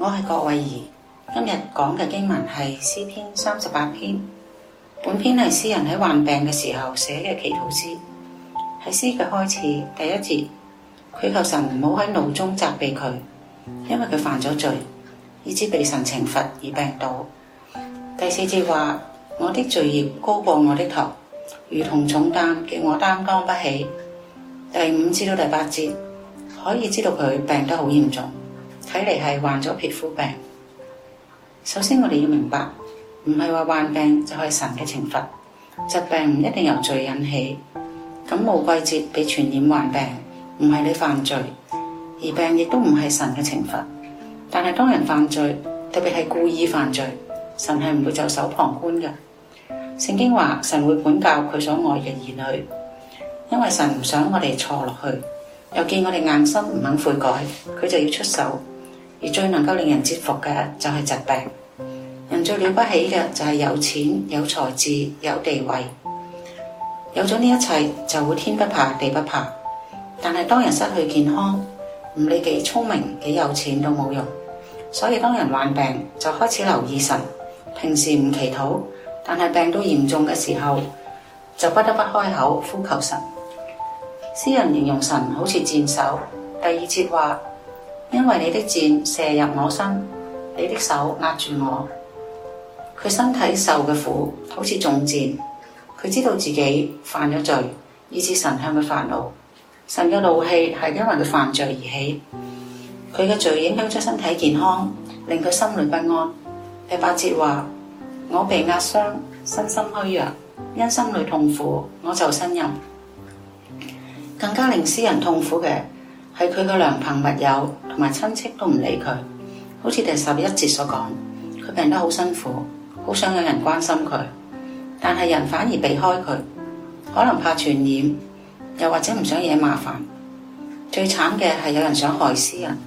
我係郭慧儀，今日講嘅經文係詩篇三十八篇。本篇係詩人喺患病嘅時候寫嘅祈禱詩。喺詩嘅開始第一節，佢求神唔好喺怒中責備佢，因為佢犯咗罪，以致被神懲罰而病倒。第四節話：我的罪孽高過我的頭，如同重擔，叫我擔當不起。第五至到第八節，可以知道佢病得好嚴重。睇嚟係患咗皮膚病。首先我哋要明白，唔係話患病就係神嘅懲罰，疾病唔一定由罪引起。感冒季節被傳染患病，唔係你犯罪，而病亦都唔係神嘅懲罰。但係當人犯罪，特別係故意犯罪，神係唔會袖手旁觀嘅。聖經話神會管教佢所愛嘅兒女，因為神唔想我哋錯落去，又見我哋硬心唔肯悔改，佢就要出手。而最能夠令人折服嘅就係疾病，人最了不起嘅就係有錢、有才智、有地位，有咗呢一切就會天不怕地不怕。但係當人失去健康，唔理幾聰明幾有錢都冇用。所以當人患病就開始留意神，平時唔祈禱，但係病到嚴重嘅時候就不得不開口呼求神。詩人形容神好似箭手，第二節話。因為你的箭射入我身，你的手壓住我，佢身體受嘅苦好似中箭。佢知道自己犯咗罪，以致神向佢發怒。神嘅怒氣係因為佢犯罪而起。佢嘅罪影響咗身體健康，令佢心裏不安。第八節話：我被壓傷，身心虛弱，因心裏痛苦，我就呻吟。更加令詩人痛苦嘅。係佢個良朋密友同埋親戚都唔理佢，好似第十一節所講，佢病得好辛苦，好想有人關心佢，但係人反而避開佢，可能怕傳染，又或者唔想惹麻煩。最慘嘅係有人想害詩人，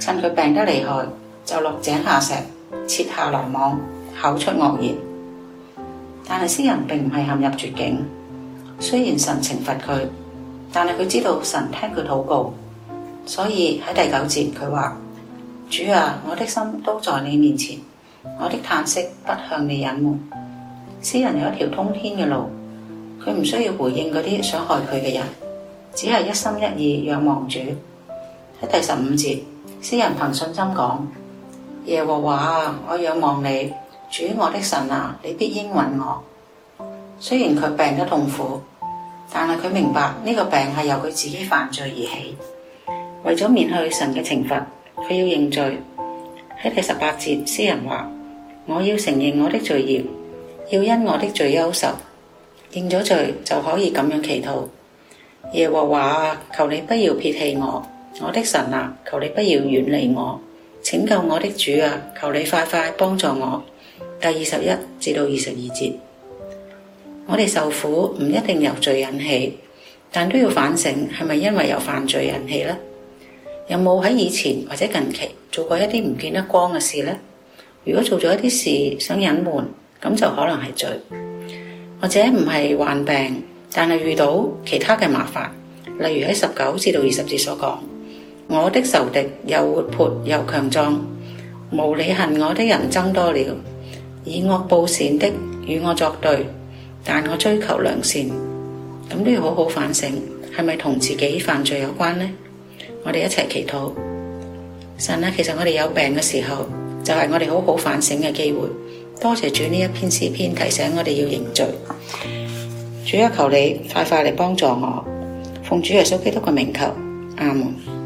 趁佢病得厲害就落井下石，設下羅網，口出惡言。但係詩人並唔係陷入絕境，雖然神懲罰佢，但係佢知道神聽佢禱告。所以喺第九節，佢話：主啊，我的心都在你面前，我的歎息不向你隱瞞。詩人有一條通天嘅路，佢唔需要回應嗰啲想害佢嘅人，只係一心一意仰望主。喺第十五節，詩人憑信心講：耶和華啊，我仰望你，主我的神啊，你必應允我。雖然佢病得痛苦，但係佢明白呢個病係由佢自己犯罪而起。為咗免去神嘅懲罰，佢要認罪。喺第十八節，詩人話：我要承認我的罪孽，要因我的罪憂愁。認咗罪就可以咁樣祈禱：耶和華啊，求你不要撇棄我；我的神啊，求你不要遠離我。拯救我的主啊，求你快快幫助我。第二十一至到二十二節，我哋受苦唔一定由罪引起，但都要反省係咪因為有犯罪引起呢？有冇喺以前或者近期做過一啲唔見得光嘅事呢？如果做咗一啲事想隱瞞，咁就可能係罪，或者唔係患病，但係遇到其他嘅麻煩，例如喺十九至到二十節所講，我的仇敵又活潑又強壯，無理恨我的人增多了，以惡報善的與我作對，但我追求良善，咁都要好好反省，係咪同自己犯罪有關呢？我哋一齊祈禱神咧、啊，其實我哋有病嘅時候，就係、是、我哋好好反省嘅機會。多謝主呢一篇詩篇，提醒我哋要認罪。主啊，求你快快嚟幫助我，奉主耶穌基督嘅名求，阿們。